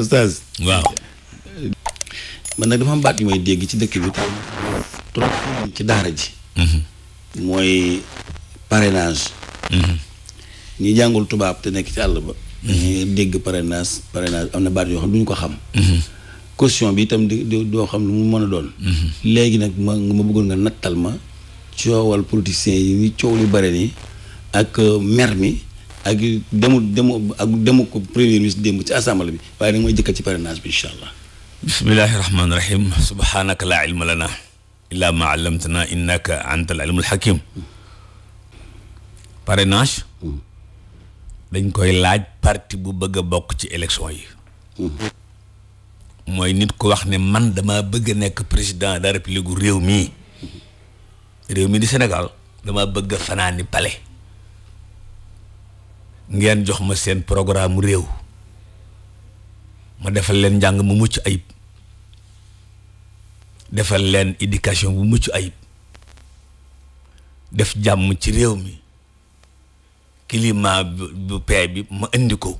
oustaz waaw. man nag dafa am baat yu may dégg ci dëkk bi trop ci daara ji. Mhm. mooy parrainage. Mhm. ñi jàngul tubaab te nekk ci àll ba. Mhm. dañuy dégg parrainage parrainage am na baat yoo xam duñu ko xam. question bi itam doo xam lu mu mën a doon. léegi nag ma ma bëggoon nga nattal ma coowal politiciens yi ni coow li bare nii ak euh, mer mi. ak demu demu ak demu ko premier ministre démb ci assemblée bi waaye nag mooy jëkkat ci parrainage bi incha allah bismillahi rahmaani rahim subhaanaka laa ilma lana illaa ma allamtana innaka antal alimul hakim parrainage hmm. dañ koy laaj parti bu bëgg a bokk ci élection yi hmm. mooy nit ko wax ne man damaa bëgg nekk président de la réew mi hmm. réew mii di Sénégal dama bëgg a fanaani palais ngeen jox ma seen programme réew ma defal leen njàng mu mucc ayib defal leen éducation bu mucc ayib def jàmm ci réew mi climat bu paix bi ma indi ko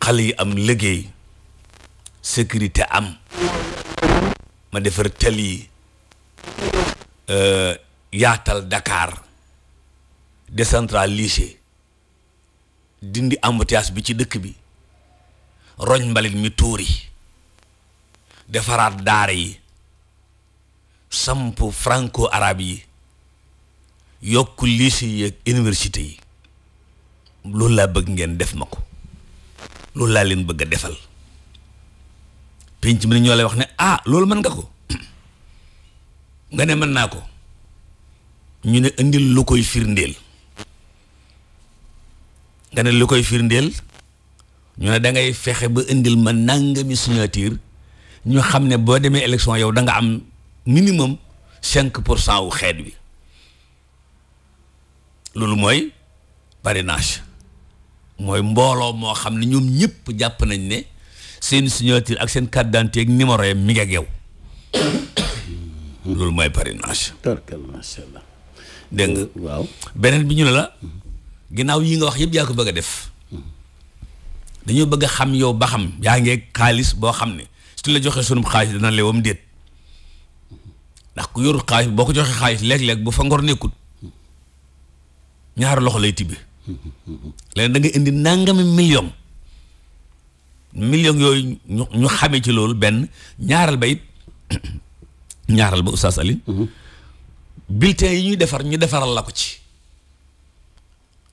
xale yi am liggéey sécurité am ma defar tali euh, yaatal dakaar décentraliser dindi embouteillage bi ci dëkk bi roñ mbalit mi yi defaraat daara yi samp franco arabe yi yokk lycée yi ak université yi loolu laa bëgg ngeen def ma ko loolu laa leen bëgg a defal penc mi ñoo lay wax ne ah loolu mën nga ko nga ne mën naa ko ñu ne indil lu koy firndeel nga ne lu koy firndeel ñu ne da ngay fexe ba indil ma nangami signature ñu xam ne boo demee élection yow da nga am minimum cinq pour cent wu xeet wi loolu mooy parrainage mooy mbooloo moo xam ne ñoom ñëpp jàpp nañ ne seen signature ak seen carte d'identité ak numéro yi mi ngi ak yow loolu mooy parinage macha allah. dégg beneen bi ñu ne la. Mm-hmm. ginnaaw yi nga wax yëpp yaa ko bëgg def dañoo bëgg a xam yow ba xam yaa ngi xaalis boo xam ne su la joxee sunum xaalis dana lewam déet ndax ku yorul xaalis boo ko joxee xaalis léeg-léeg bu fa ngor nekkut ñaar loxo lay tibbi léegi da nga indi nangami million million yooyu ñu xame ci loolu benn ñaaral ba it ñaaral ba Oustaz Alioune mm-hmm. bulletin yi ñuy defar ñu defaral la ko ci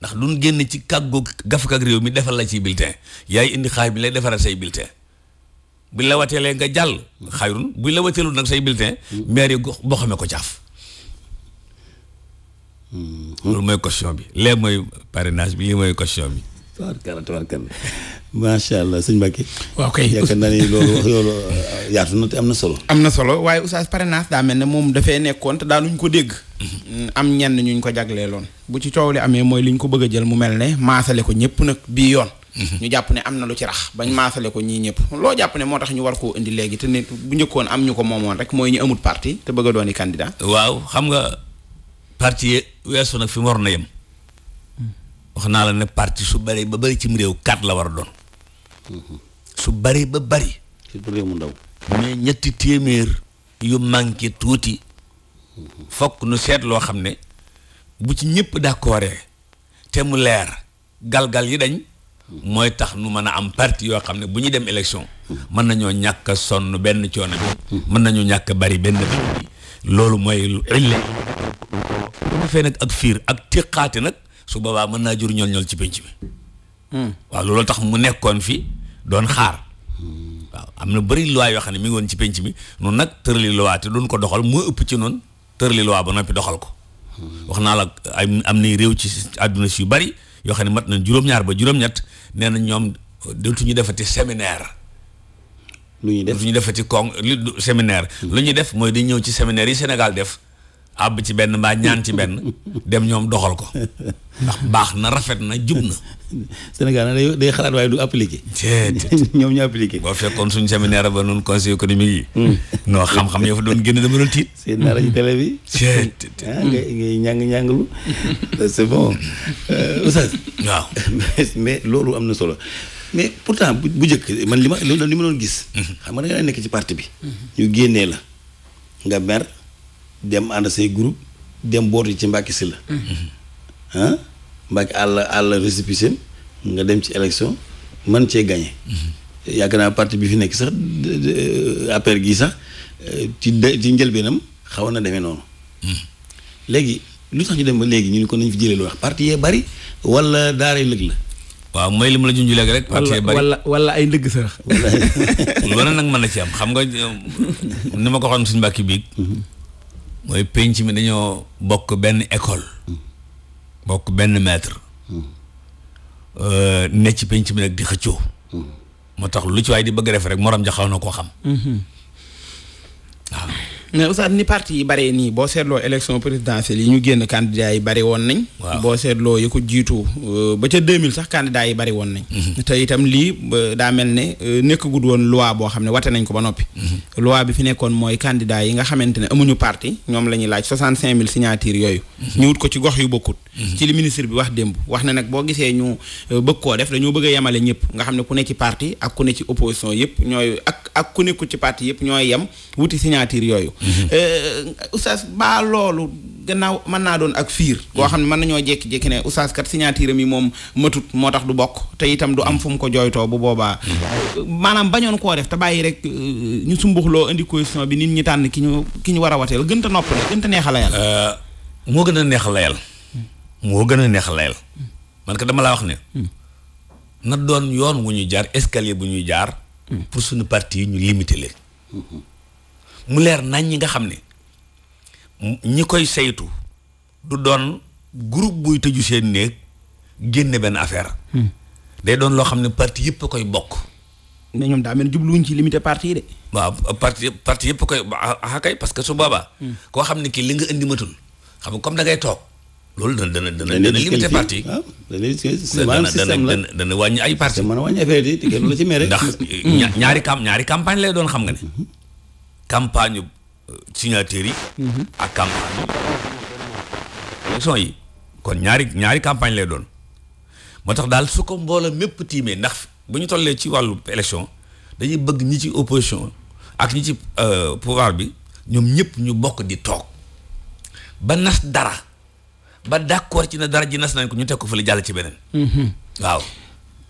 ndax duñ génn ci kàggu gafak ak réew mi defal la ci bulletin yaay indi xaay bi lay defaral say bulletin buñ la wateelee nga jàll xayrun buñ la wateelul nag say bulletin maire gox boo xamee ko caaf hmm. lu mooy question bi lee mooy parrainage bi lii mooy question bi tabarkalla tabarkalla macha allah sëñ Mbacke. waaw kay yaakaar naa euh, yaatu na te am na solo. am na solo waaye oustaz parrainage daa mel ne moom dafay nekkoon te daanuñ ko dégg. Mhm. am ñenn ñu ñu ko jagleeloon. bu ci coow li amee mooy li ñu ko bëgg jël mu mel ne maasale ko ñëpp nag bii yoon. Mhm. ñu jàpp ne am na lu ci rax bañ mhm. maasale ko ñii ñëpp loo jàpp ne moo tax ñu war koo indi léegi te nit bu njëkkoon am ñu ko moomoon rek mooy ñu amut parti te bëgg doon i candidat. waaw xam nga parti weesu nag fi war na yem. wax naa la ne parti su bari ba bari cim réew kat la war a doon su bari ba bari surtout réew ndaw mais ñetti téeméer yu manqué tuuti fokk nu seet loo xam ne bu ci ñëpp d'accordé te mu leer galgal yi dañ mooy tax nu mën a am parti yoo xam ne bu ñu dem élection mën nañoo ñàkk a sonn benn coono bi mën nañoo ñàkk a bari benn bi loolu mooy lu ille bu defee nag ak fiir ak tiqaati nag su boobaa mën naa jur ñol-ñol ci pénc bi hmm. waaw loolu tax mu nekkoon fi doon xaar waaw am na bëri loi yoo xam ne mi ngi woon ci pénc bi noonu nag tërali loi te doon ko doxal moo ëpp ci noonu tërali loi ba noppi doxal ko wax naa la ay am nay réew ci àdduna si yu bari yoo xam ne mat nañ juróom-ñaar ba juróom-ñett nee na ñoom dootuñu ñu séminaire lu ñuy def lu ñuy defati con séminaire hmm. lu ñuy def mooy dañ ñëw ci séminaire yi Sénégal def àbb ci benn mbaa ñaan ci benn dem ñoom doxal ko ndax baax na rafet na jub na. Sénégal na day day xalaat waaye du appliqué. ñoom ñu appliqué. boo fekkoon suñu séminaire ba noonu conseil économique yi. Hmm. noo xam-xam yoo fa doon génn dama doon tiit. seen naara ci télé bi. ah ngay ngay ñàng ñànglu c'est bon euh, waaw mais loolu am na solo. mais pourtant bu bu njëkk man li ma li ma doon gis. Hmm. xam nga da nekk ci parti bi. Hmm. ñu génnee la nga mer. dem ànd say groupe dem bootu ci Mbàkke si la Mbàkke àll àll récépissé nga dem ci élection man cee gagné. Mm-hmm. yaakaar naa partie bi fi nekk sax euh, affaire gi sax euh, ci ci njëlbeenam xaw na demee noonu. Mm-hmm. léegi lu tax ñu dem ba léegi ñu ne kon nañ fi jëlee lu wax parti yee bari wala daaray lëg la. waaw mooy li ma la junj léegi rek. parti yee bari wala wala ay ndëgg sax. loolu nag mën na ci am xam nga euh, ni ma ko waxoon suñu mbàkk bi mm-hmm. mooy penc mi dañoo bokk benn école bokk benn maître euh, ne ci penc mi nag di xëccoo mm-hmm. moo tax lu ci waay di bëgg def rek morom ja jaxaw na koo xam mm-hmm. mais Oustaz ni parti yi bare nii boo seetloo élection présidentielle yi ñu génn candidat yi bari woon nañ. boo seetloo yi ko jiitu euh, ba ca 2000 sax candidat yi bari woon nañ. Mhm. te itam lii daa mel ne euh, nekkagul woon loi boo xam ne wate nañ ko ba noppi. Mhm. loi bi fi nekkoon mooy candidat yi nga xamante ne amuñu parti ñoom la ñuy laaj mille signatures yooyu. Mhm. ñu wut ko ci gox yu bokkut. ci li ministre bi wax démb wax na nag boo gisee ñu euh, bëgg koo def dañoo bëgg a yemale ñëpp nga xam ne ku ne ci parti ak ku ne ci yëpp ñooy ak ku nekku ci parti yëpp ñooy yem wuti signature yooyu. Mm-hmm. Eh, oustaz baa loolu gannaaw mën naa doon ak fiir koo xam ne mën nañoo jékki-jékki ne oustaz kat signature mi moom matut moo tax du bokk te itam du am fu mu ko jooytoo bu boobaa mm-hmm. maanaam bañoon koo def te bàyyi rek eh, ñu sumbuxloo indi question bi nit ñi tànn ki ñu ki ñu war a wateel gën ta nopp la gën ta neex eh, moo gën a neex layal moo gën a neex a man ko dama laa wax ne na doon yoon wu ñu jaar escalier bu ñuy jaar mm. pour suñu parti ñu limité leen mm-hmm. mu leer nañ ñi nga xam ne ñi koy saytu du doon groupe buy tëju seen néeg génne benn affaire. Hmm. day doon loo xam ne parti yëpp koy bokk. mais ñoom daa mel ni jubluwuñ ci limité parti yi de. waaw parti parti yëpp koy ah, ah kay parce que su boobaa. Hmm. koo xam ne kii li nga indi matul xam nga comme da ngay toog. loolu dana dana dana dana limité parti ah, dana dana wàññi ay parti mën a wàññi affaire yi te kenn la ci mere ndax ñaari cam ñaari campagne lay doon xam nga ne hmm. campagne euh, signataires yi. Mhm. ak campagne élection yi kon ñaari ñaari campagne lay doon moo tax daal su ko mbooloo mépp tiime ndax bu ñu tollee ci wàllu élection dañuy bëgg ñi ci opposition ak ñi ci euh, pouvoir bi ñoom ñëpp ñu bokk di toog ba nas dara ba d'accord ci na dara ji nas nañ ko ñu teg ko la jàll ci beneen. Mhm. waaw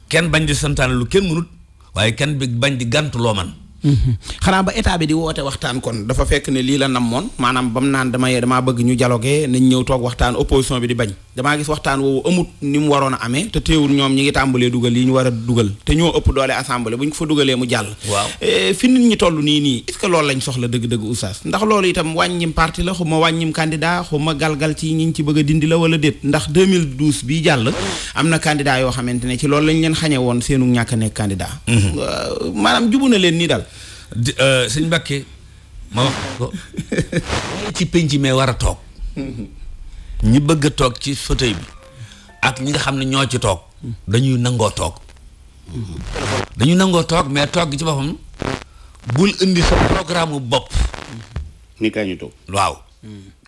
kenn bañ di santaane lu kenn mënut waaye kenn bi bañ di gàntu loo man Mhm. xanaa ba état bi di woote waxtaan kon dafa fekk ne lii la namoon maanaam bam naan dama yee damaa bëgg ñu dialogué nañ ñëw toog waxtaan opposition bi di bañ damaa gis waxtaan woowu amut ni mu waroon a amee te téewul ñoom ñi ngi tàmbalee dugal yi ñu war a dugal te ñoo doole assemblée bu ñu ko fa mu jàll waaw eh, fi toll nii nii est ce que lañ soxla dëgg-dëgg oustaz ndax loolu itam wàññim parti la xuma wàññim candidat xuma galgal ci ñi ci bëgg a dindi la wala déet ndax 2012 bii jàll am na candidat yoo xamante ne ci loolu lañ leen xañe woon seenu ñàkk a nekk candidat mhm. maanaam jubu na leen nii Eh, sëñ Mbàkke ma wax ko ci penc mee war a toog ñi bëgg a toog ci fauteuil bi ak ñi nga xam ne ñoo ci toog dañuy nangoo toog dañuy nangoo toog mais toog ci boppam bul indi sa programme bopp ñu toog waaw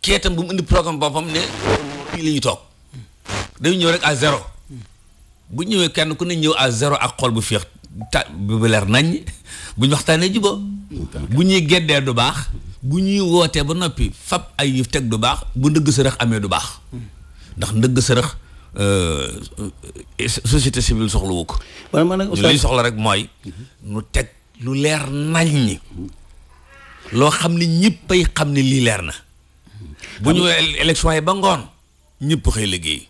kee tam bu mu indi programme boppam ne fii la toog dañu ñëw rek à zéro bu ñëwee kenn ku ne ñëw a zéro ak xool bu feex ta bu leer nañ buñ ñu waxtaanee jubóo. bu ñuy geddee du baax. bu ñuy wootee ba noppi fab ay teg du baax bu ndëgg sërëx amee du baax. ndax ndëgg sërëx euh, société civile soxlawu ko. waaye man soxla rek mooy. nu teg lu leer nañ. loo xam ne ñëppay xam ne lii leer na. bu ñu élection yi ba ngoon ñëpp xëy liggéey.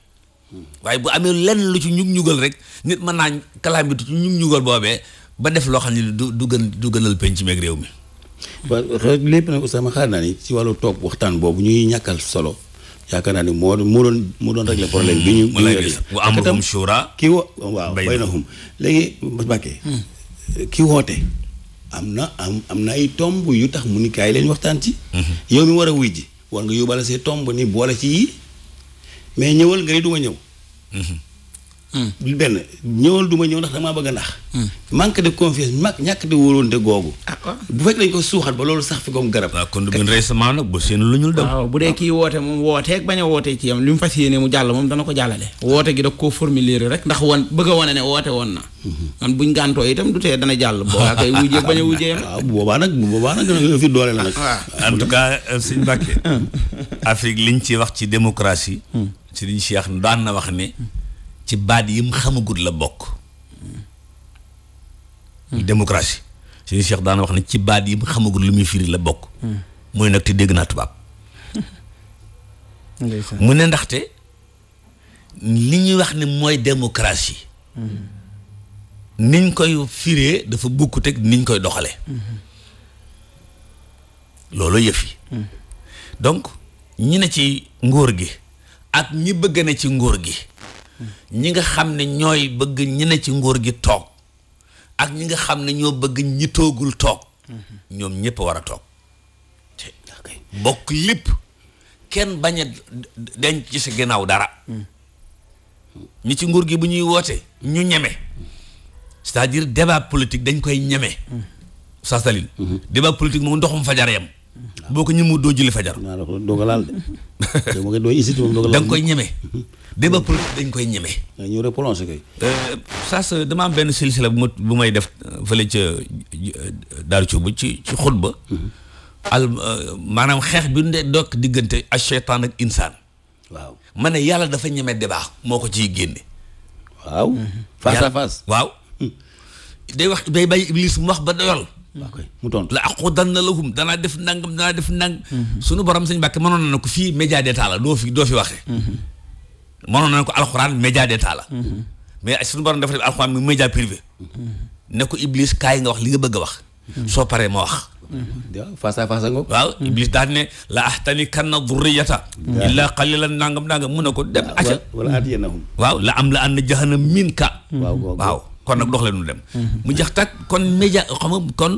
waaye bu amee lenn lu ci ñug ñugal rek nit mën naa kalaamitu ci ñug ñugal boobee ba def loo xam ne du du gën du gënal réew mi. waaw lépp nag Ousmane xaar naa ni ci wàllu toog waxtaan boobu ñuy ñàkkal solo yaakaar naa ni moo moo doon moo doon régler problème bi ñu. mu lay wa amruhum shura ki wo waaw baynahum léegi Mbacke hmm. ki woote am na am am na ay tomb yu tax mu ni kaay leen waxtaan ci. Hmm. yow mi war a wuy ji war nga yóbbaale see tomb ni boole ci yii mais ñëwal nga ni ñëw. du mm. mm. benn ñëwal du ma ñëw ndax damaa bëgg a ndax. Mm. manque de confiance mag ñàkk de wóolonte googu. Ah, bu fekk dañ ko suuxat ba loolu sax fi ko garab. waaw kon du ngeen rey sama nag bu seen lu ñul dem. waaw bu dee kii woote moom wooteeg bañ a wootee ci yam li mu fas yéene mu jàll moom dana ko jàllale. woote gi da koo formuler rek ndax wan bëgg a wane ne woote woon na. Mm-hmm. man buñ gàntoo itam du tee dana jàll. boobaa kay wujjee bañ a ah, bu boobaa nag bu boobaa nag dana fi doole la nag. Ah. en tout cas euh, sëñ Mbàkke Afrique liñ ci wax ci démocratie Serigne Cheikh daan na wax ne ci baat yim mu la bokk démocratie Serigne Cheikh daan na wax ne ci baat yi mu xamagut lu muy firi la bokk mooy nag te dégg naa tubaab mu ne ndaxte li ñuy wax ni mooy démocratie niñ koy firee dafa bukkut ak niñ koy doxale loolu yëf yi mm. donc ñi ne ci nguur gi ak ñi bëgg na ci nguur gi ñi nga xam ne ñooy bëgg ñi ne ci nguur gi toog ak ñi nga xam ne ñoo bëgg ñi toogul toog ñoom ñëpp war a toog bokk lépp kenn bañ a denc ci sa ginnaaw dara ñi ci nguur gi bu ñuy woote ñu ñeme c'est-à-dire politique dañ koy ñeme sasalil mm-hmm. débat politique moom ndoxum fajar boo ko ñëmut doo julli fajar. waaw doo ko laal de. te mu ngi doo isit moom koy ñeme. débat politique dañ koy ñeme. ñu replongé saa sa dama am benn silsila bu ma bu may def euh, fële ca euh, Daaru Cuub ci ci xutba. Mhm. al euh, maanaam xeex bi nde dokk diggante ak seytaan ak insaan. waaw ma ne yàlla dafa ñeme débat moo ko ciy génne. waaw. face à face waaw. Mhm. day wax day bay iblis mu wax ba doyal. waaw koy mu tontu la aqudanna danaa def nangam danaa def nang sunu borom sañ Mbàkke mënoon na ko fii média d'état la doo fi doo fi waxee mënoon na ko alxuraan média d'état la mais sunu borom dafa def alxuraan mu média privé ne ko Iblis kaay nga wax li nga bëgg a wax soo paree ma wax waaw face à face ngoog waaw Iblis daal ne la ahtani kanna durriyata illa qalilan nangam nangam mun na ko dem aca wala atyanahum la am la an na minka waaw waaw kon nag dox la ñu dem. mu jax kon média xam nga kon.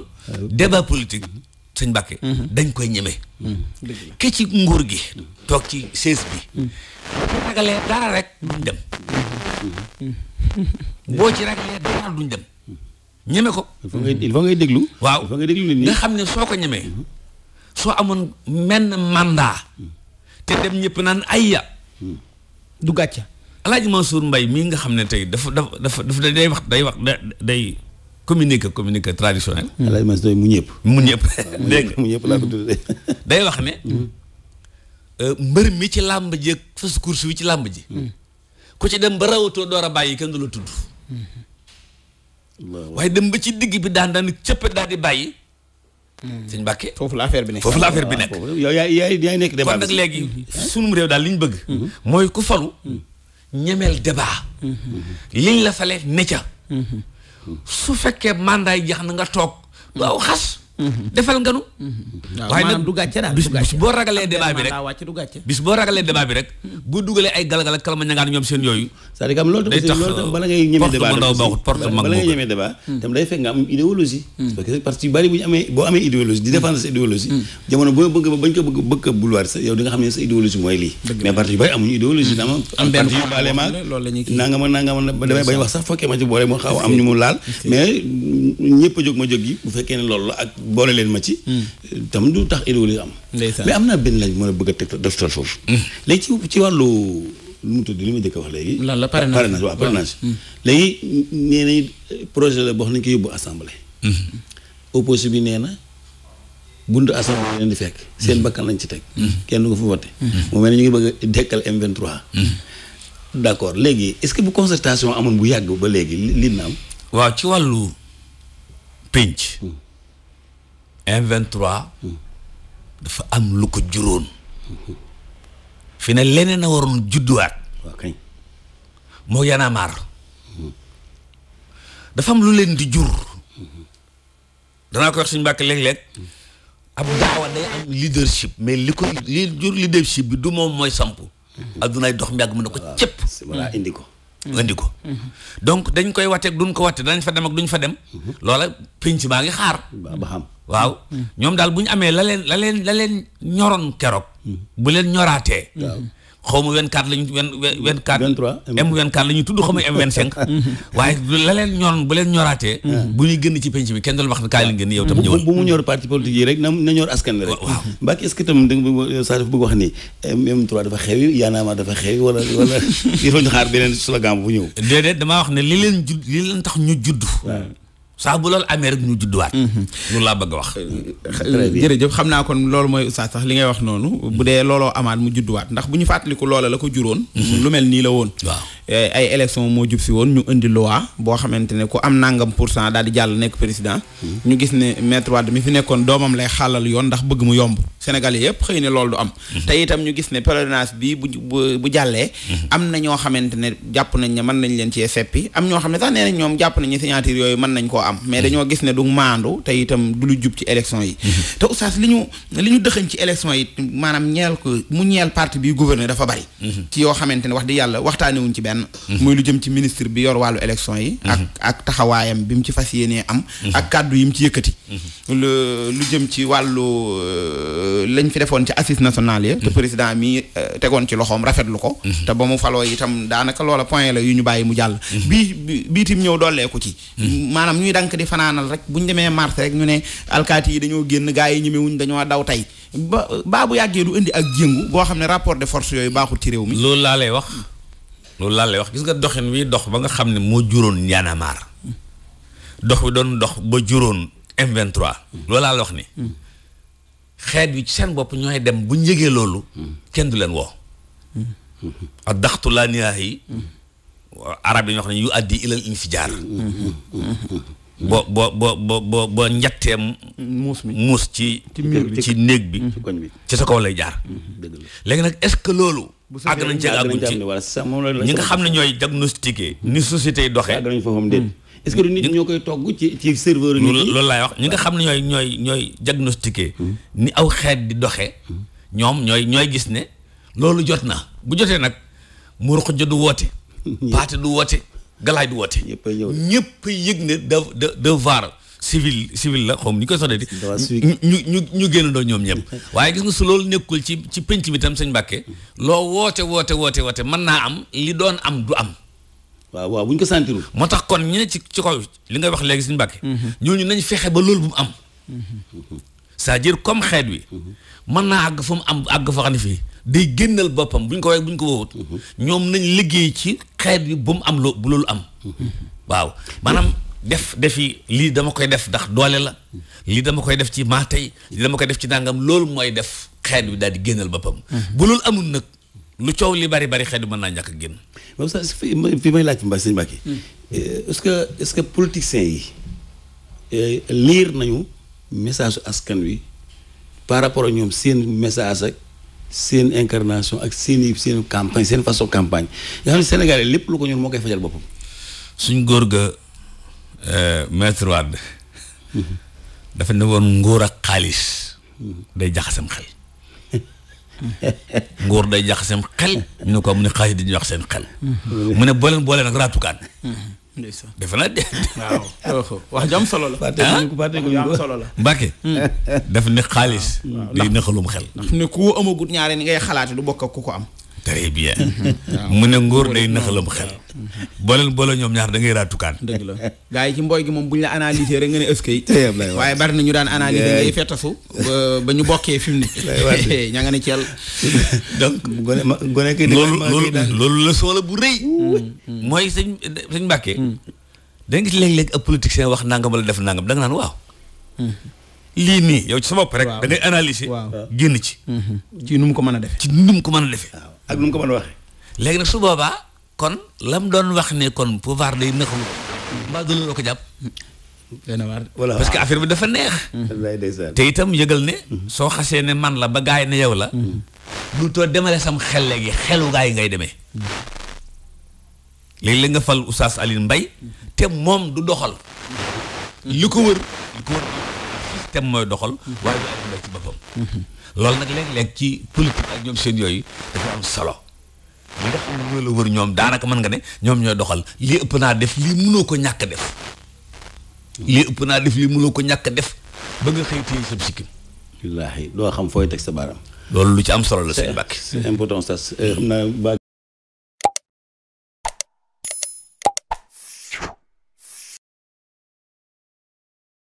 débat politique sëñ Mbàkke. dañ koy ñeme. ke ci nguur gi. toog ci chaise bi. boo ragalee dara rek duñ dem. boo ci ragalee duñ dem. ñeme ko. il faut ngay déglu. waaw il faut ngay nga xam ne soo ko ñemee. soo amoon menn mandat. te dem ñëpp naan ayya. du gàcca Alaaji Mansour mbay mii nga xam ne tey dafa dafa dafa day wax day wax day communiquer communiquer traditionnel. Mm. Alaaji Mansour mu mu ñëpp mu ñëpp laa ko tuddee day wax ne. Euh, mbër mi ci làmb ji ak fas course wi ci làmb ji. Mm. ku ci dem ba rawatoo door a bàyyi kenn du la tudd. waaye dem ba ci digg bi daan daan cëpp daal di bàyyi. Mm. sëñ Mbàkke. foofu la affaire bi nekk foofu la affaire bi nekk. Ah, yow yaay yaay nekk débat kon nag léegi sunu réew daal li bëgg. Mm-hmm. mooy ñemeel débat. liñ la fale ne ca. Mm-hmm. su fekkee mandat yi na nga toog. waaw xas. defal nganu waaye nag du gàcce daal bis boo ragalee débat bi rek boo dugalee ay galgal ak kalma ñangaan ñoom seen yooyu c'est-à-dire am loolu tam bala ngay hmm. day fekk nga am idéologie hmm. bari bu ñu amee boo di défendre sa idéologie hmm. jamono bu bëgg bañ ko bëgg bëgg a boulevard sa yow di xam ne sa idéologie mooy lii mais parti yu bari amuñu idéologie dama am benn baale ma nangama nangama damay bañ wax sax fokkee ma ci boole moo xaw am ñu mu a jóg ma jóg yi loolu la boole leen ma ci. Hmm. tam tax idéologie am. mais am na benn lañ mën a bëgg a teg doftal foofu. Hmm. léegi ci ci wàllu lu mu tudd li ma njëkk a léegi. lan la parrainage waaw hmm. parrainage. léegi nee nañ projet la boo xam ne ñu koy yóbbu assemblée. opposition bi nee na. buntu assemblée leen di fekk. seen bakkan lañ ci teg. kenn du ko fa mel ne ñu ngi bëgg a dekkal M23. d' accord léegi est ce que bu concertation amoon bu yàgg ba léegi lii na am. waaw ci wàllu pénc. M23 dafa am lu ko juróon fi ne leneen a waroon judduwaat moo yanamaar dafa am lu leen di jur danaa ko wax suñu mbàkk léeg-léeg ab daawa day am leadership mais li koy li jur leadership bi du moom mooy samp nay dox mbàgg mu ne ko cëpp voilà indi ko mm-hmm. indi ko mm-hmm. donc dañ koy wateeg duñ ko watte danañ fa dem ak ñu fa dem mm-hmm. loola penc maa ngi xaar waaw mm-hmm. ñoom daal bu ñu amee la leen la leen la leen ñoroon keroog. Mm-hmm. bu leen ñoraatee. xaw ma 24 la ñu 24. 23 M 24 la ñuy tudd xaw ma M 25. Mm-hmm. waaye la leen ñoroon bu leen ñoraatee. bu ñuy génn ci penc mi kenn doon wax ne kaay lañ génn yow tam ñëwal. bu mu ñor parti politique yi rek na na ñor askan rek. waaw Mbacke est-ce que tam da wax ni wala wala il faut ñu xaar beneen slogan bu ñëw. déedéet damaa wax ne li leen jud li leen tax ñu judd. saa bu loolu amee rek mu judduwaat. Mm-hmm. loolu laa bëgg a wax. Euh, euh, jërëjëf xam naa ko loolu mooy oustaz sax li ngay wax noonu. bu dee looloo amaat mu judduwaat ndax bu ñu fàttaliku loola la ko juróon. Mm-hmm. lu mel nii la woon. waaw Eh, ay élection moo jub si woon ñu indi loi boo xamante ne ku am nangam pour cent daal di jàll nekk président. Hmm. ñu gis ne maître Wade mi fi nekkoon doomam lay xàllal yoon ndax bëgg mu yomb Sénégalais yëpp xëy ne loolu du am. Hmm. te itam ñu gis ne présidence bi bu bu bu jàllee. Hmm. am na ñoo xamante ne jàpp nañ ne mën nañ leen cee seppi am ñoo xam ne sax nee ñoom jàpp nañu ne signature yooyu man nañ koo am. mais dañoo gis ne du maandu te itam du lu jub ci élection yi. te oustaz li ñu li ñu dëxëñ ci élection yi maanaam ñeel ko mu ñeel parti bi gouverner dafa bari. ci yoo xamante ne wax di yàlla waxtaanewuñ lenn muy lu jëm ci ministre bi yor wàllu élection yi ak taxawaayam bi mu ci fas yéenee am ak kàddu yi mu ci yëkkati lu jëm ci wàllu euh, lañ fi defoon ci assise nationale ya te président mi euh, tegoon ci loxoom rafetlu ko te ba mu faloo itam daanaka loola point la yu ñu bàyyi mu jàll bii biitim ñëw dolleeku ci maanaam ñuy dank di fanaanal rek buñ demee mars rek ñu ne alkaati yi dañoo génn gaa yi ñemewuñ dañoo daw tey ba baa bu yàggee du indi ak jéngu boo xam ne rapport de force yooyu baaxul ci réew mi loolu laa lay wax loolu laa lay wax gis nga doxin wi dox ba nga xam ne moo juróon ñaanamaar dox bi doon dox ba juróon M23 loolu laa la wax ni xeet wi ci seen bopp ñooy dem bu njëgee loolu kenn du leen woo ak daxtu laa niyaah yi arab yi ñoo xam ne yu addi ilal infijaar boo boo boo boo boo boo njattee muus mi muus ci ci néeg bi ci sa kaw lay jaar léegi nag est-ce que loolu bu àgg nañ ci àgguñ ci ñi nga xam ne ñooy diagnostiqué ni société yi doxee àgg nañ fa moom mm. koy togg ci ci serveur nit ñi loolu laay wax ñi nga xam ne ñooy ñooy ñooy mm. ni aw xeet di doxee mm. ñoom ñooy ñooy gis ne loolu jot na bu jotee nag muruq ja du woote paate du woote galaay du woote ñëpp yëg ne de de devoir civil civil la xaw ni ñu koy soxla di ñu ñu ñu génnandoo ñoom ñëpp waaye gis nga su loolu nekkul ci ci penc mi tam sëñ Mbàkke loo woote woote woote woote mën naa am li doon am du am waaw waaw bu ñu ko sentirul moo tax kon ñu ne ci kaw li nga wax léegi sëñ Mbàkke mhm. ñooñu nañ fexe ba loolu mu am mhm. cest à comme xeet wi mhm. mën naa àgg fa mu am àgg fa ne fii day génnal boppam bu ñu ko waxee bu ñu ko woowut ñoom nañ liggéey ci xeet wi bu mu am loo bu loolu am waaw maanaam def defi lii dama koy def ndax doole la lii dama koy def ci maa tey lii dama koy def ci dàngam loolu mooy def xeet bi daal di génnal boppam mhm. bu loolu amul nag lu coow li bari bari xeet bi mën naa ñàkk a génn moom sax may laaj Mbaye sëñ hmm. euh, que ce que politiciens yi euh, lire nañu message askan wi par rapport ak ñoom seen message ak seen incarnation ak seen seen campagne seen façon campagne nga xam ne Sénégal lépp lu ko ñun moo koy fajal boppam suñ góor ga Euh, maître Wade dafa ne woon nguur ak xaalis day jaxasam xel nguur day jaxasam xel ñu ne ko mu ne xaalis di ñu wax seen xel mu ne booleen booleen nag raatukaan ndeysaan defe naa de. waaw wax jam solo la. ah solo la. Mbacke. daf ne xaalis. waaw ndax day xel. ndax ne ku amagut ñaare ni ngay xalaate du bokk ak ku ko am. très bien. mu ne ngóor day naxalam xel. booleel boole ñoom ñaar da ngay raatukaan. dëgg la gars yi ci mbooy gi moom bu ñu la analyser rek nga ne ëskay. waaye bari na ñu daan analyser ngay fettasu. ñu bokkee fi mu ne. ña nga ne ceel. donc gone ma gone kii loolu loolu loolu leçon bu rëy. Mm, mm. mooy sëñ sëñ Mbàkke. Mm. da nga gis léeg-léeg ab wax nangam def nangam da nga naan waaw. lii nii yow ci sa bopp rek. da ngay analyser. génn ci. Mm-hmm. ci nu mu ko mën a defee. ci nu ko mën a defee. ak nu mu ko mën a léegi nag su boobaa kon la mu doon wax ne kon pouvoir day neexul mbaa ko jàpp. voilà parce que affaire bi dafa neex. te itam yëgal ne. Mhm. soo xasee ne man la ba gaay ne yow la. Mhm. du too demale sam xel léegi xelu gaay ngay demee. Mhm. léegi la nga fal Oustaz Alioune Mbaye te moom du doxal. li ko wër. àtteem mooy doxal. waaye du ay mbay ci boppam. loolu nag léeg-léeg ci politique ak ñoom seen yooyu dafa am solo. li nga xam ne ñoo la wër ñoom daanaka mën nga ne ñoom ñooy doxal lii ëpp naa def lii mënoo ko ñàkk def. lii ëpp naa def lii mënoo ko ñàkk def ba nga xëy téye sa sikkim. doo xam fooy teg sa baaraam. loolu lu ci am solo la seen bàkk. c'est important ça euh, xam naa